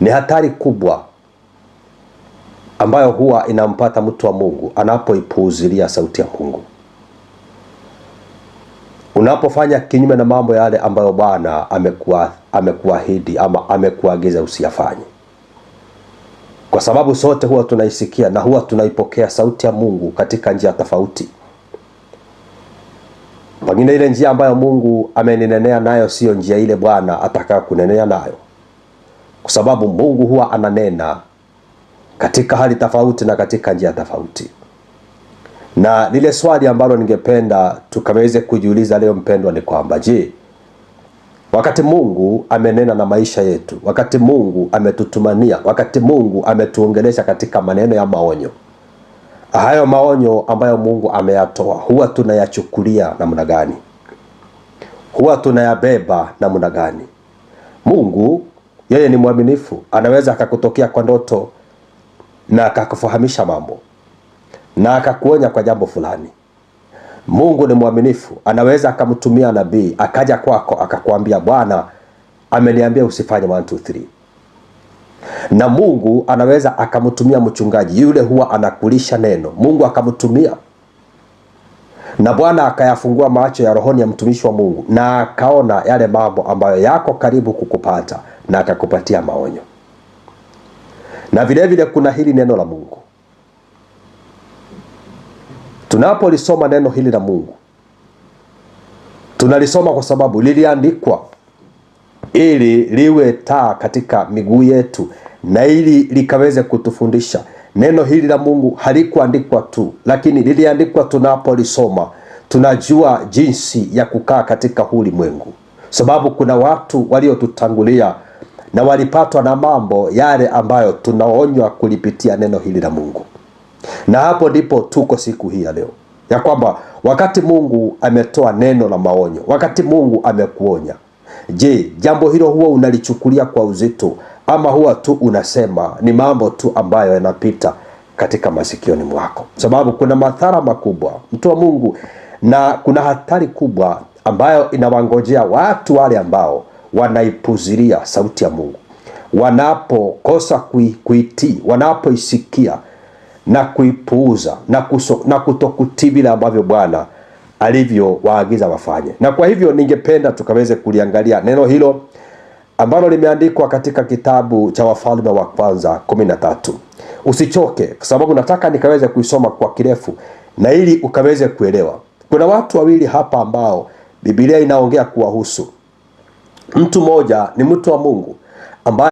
Ni hatari kubwa ambayo huwa inampata mtu wa Mungu anapoipuuzilia sauti ya Mungu, unapofanya kinyume na mambo yale ambayo Bwana amekuwa amekuahidi ama amekuagiza usiyafanye, kwa sababu sote huwa tunaisikia na huwa tunaipokea sauti ya Mungu katika njia tofauti. Pengine ile njia ambayo Mungu ameninenea nayo siyo njia ile Bwana atakayo kunenea nayo kwa sababu Mungu huwa ananena katika hali tofauti na katika njia tofauti. Na lile swali ambalo ningependa tukaweze kujiuliza leo mpendwa, ni kwamba je, wakati Mungu amenena na maisha yetu, wakati Mungu ametutumania, wakati Mungu ametuongelesha katika maneno ya maonyo hayo, maonyo ambayo Mungu ameyatoa huwa tunayachukulia namna gani? Huwa tunayabeba namna gani? Mungu yeye ni mwaminifu, anaweza akakutokea kwa ndoto na akakufahamisha mambo na akakuonya kwa jambo fulani. Mungu ni mwaminifu, anaweza akamtumia nabii akaja kwako akakwambia, Bwana ameniambia usifanye 1 2 3 na Mungu anaweza akamtumia mchungaji yule, huwa anakulisha neno, Mungu akamtumia na Bwana akayafungua macho ya rohoni ya mtumishi wa Mungu na akaona yale mambo ambayo yako karibu kukupata, na akakupatia maonyo. Na vilevile vile kuna hili neno la Mungu. Tunapolisoma neno hili la Mungu, tunalisoma kwa sababu liliandikwa ili liwe taa katika miguu yetu na ili likaweze kutufundisha. Neno hili la Mungu halikuandikwa tu, lakini liliandikwa. Tunapolisoma tunajua jinsi ya kukaa katika huu ulimwengu, sababu kuna watu waliotutangulia na walipatwa na mambo yale ambayo tunaonywa kulipitia neno hili la Mungu. Na hapo ndipo tuko siku hii ya leo, ya kwamba wakati Mungu ametoa neno la maonyo, wakati Mungu amekuonya, je, jambo hilo huwa unalichukulia kwa uzito ama huwa tu unasema ni mambo tu ambayo yanapita katika masikioni mwako? Sababu kuna madhara makubwa, mtu wa Mungu, na kuna hatari kubwa ambayo inawangojea watu wale ambao wanaipuzilia sauti ya Mungu, wanapokosa kuitii, wanapoisikia na kuipuuza na, na kutokutii vile ambavyo Bwana alivyowaagiza wafanye. Na kwa hivyo ningependa tukaweze kuliangalia neno hilo ambalo limeandikwa katika kitabu cha Wafalme wa Kwanza 13. Usichoke kwa sababu nataka nikaweze kuisoma kwa kirefu na ili ukaweze kuelewa. Kuna watu wawili hapa ambao Biblia inaongea kuwahusu. Mtu mmoja ni mtu wa Mungu ambaye